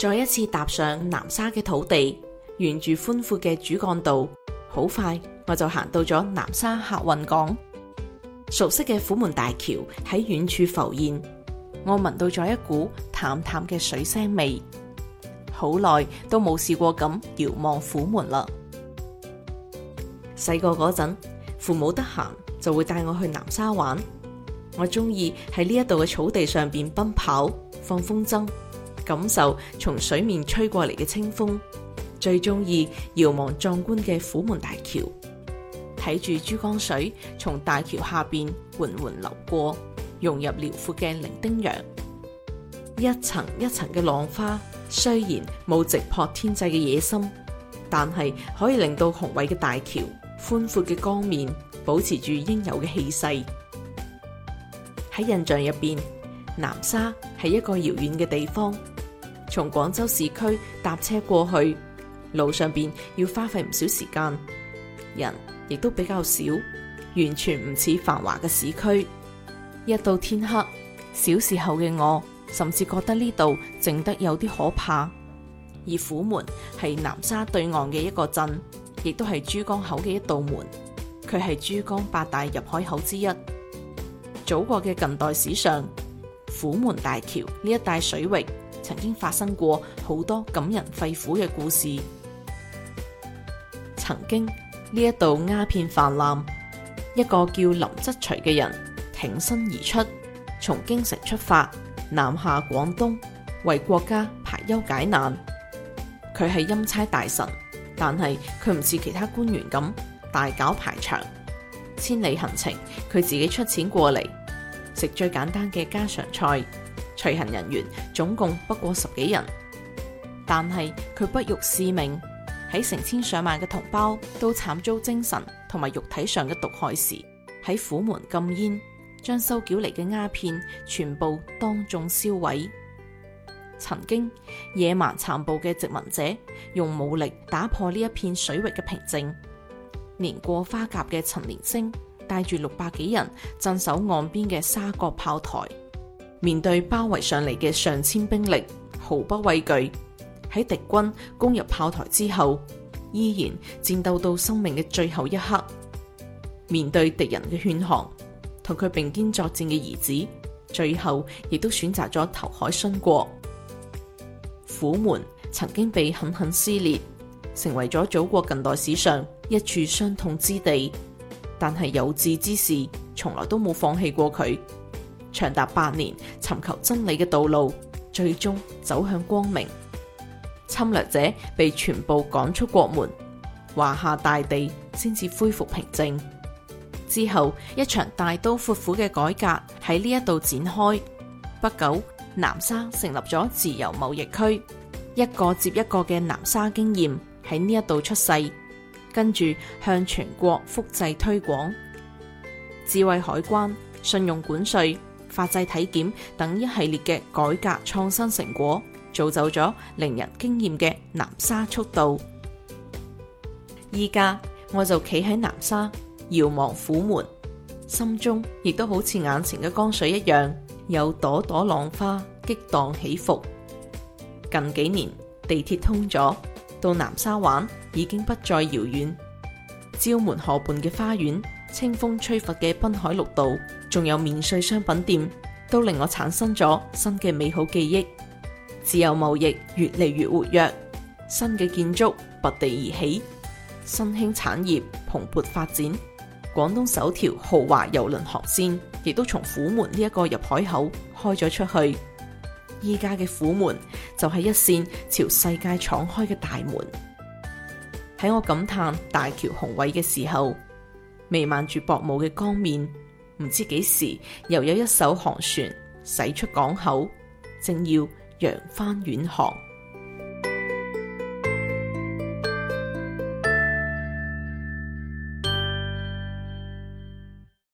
再一次踏上南沙嘅土地，沿住寬闊嘅主幹道，好快我就行到咗南沙客運港。熟悉嘅虎門大橋喺遠處浮現，我聞到咗一股淡淡嘅水腥味。好耐都冇試過咁遙望虎門啦。細個嗰陣，父母得閒就會帶我去南沙玩。我中意喺呢一度嘅草地上邊奔跑、放風箏。感受從水面吹過嚟嘅清風，最中意遙望壯觀嘅虎門大橋，睇住珠江水從大橋下邊緩緩流過，融入遼闊嘅伶仃洋。一層一層嘅浪花，雖然冇直撲天際嘅野心，但係可以令到雄偉嘅大橋、寬闊嘅江面保持住應有嘅氣勢。喺印象入邊，南沙係一個遙遠嘅地方，從廣州市區搭車過去，路上邊要花費唔少時間，人亦都比較少，完全唔似繁華嘅市區。一到天黑，小時候嘅我甚至覺得呢度靜得有啲可怕。而虎門係南沙對岸嘅一個鎮，亦都係珠江口嘅一道門，佢係珠江八大入海口之一。祖國嘅近代史上。虎門大橋呢一帶水域曾經發生過好多感人肺腑嘅故事。曾經呢一度鴉片泛濫，一個叫林則徐嘅人挺身而出，從京城出發南下廣東，為國家排憂解難。佢係欽差大臣，但係佢唔似其他官員咁大搞排場，千里行程佢自己出錢過嚟。食最簡單嘅家常菜，隨行人員總共不過十幾人，但係佢不辱使命。喺成千上萬嘅同胞都慘遭精神同埋肉體上嘅毒害時，喺虎門禁煙，將收繳嚟嘅鴉片全部當眾銷毀。曾經野蠻殘暴嘅殖民者，用武力打破呢一片水域嘅平靜。年過花甲嘅陳連升，帶住六百幾人鎮守岸邊嘅沙角炮台，面對包圍上嚟嘅上千兵力，毫不畏懼。喺敵軍攻入炮台之後，依然戰鬥到生命嘅最後一刻。面對敵人嘅勸降，同佢並肩作戰嘅兒子，最後亦都選擇咗投海殉國。虎門曾經被狠狠撕裂，成為咗祖國近代史上一處傷痛之地。但係有志之士從來都冇放棄過佢，長達百年尋求真理嘅道路，最終走向光明。侵略者被全部趕出國門，華夏大地先至恢復平靜。之後，一場大刀闊斧嘅改革喺呢一度展開。不久，南沙成立咗自由貿易區，一個接一個嘅南沙經驗喺呢一度出世。跟住向全國複製推廣智慧海關、信用管稅、法制體檢等一系列嘅改革創新成果，造就咗令人驚艷嘅南沙速度。依家我就企喺南沙遙望虎門，心中亦都好似眼前嘅江水一樣，有朵朵浪花激盪起伏。近幾年地鐵通咗。到南沙玩已經不再遙遠，蕉門河畔嘅花園、清風吹拂嘅濱海綠道，仲有免稅商品店，都令我產生咗新嘅美好記憶，自由貿易越嚟越活躍，新嘅建築拔地而起，新興產業蓬勃發展。廣東首條豪華遊輪航線亦都從虎門呢一個入海口開咗出去。依家嘅虎門就係一扇朝世界敞開嘅大門。喺我感嘆大橋宏偉嘅時候，彌漫住薄霧嘅江面，唔知幾時又有一艘航船駛出港口，正要揚帆遠航。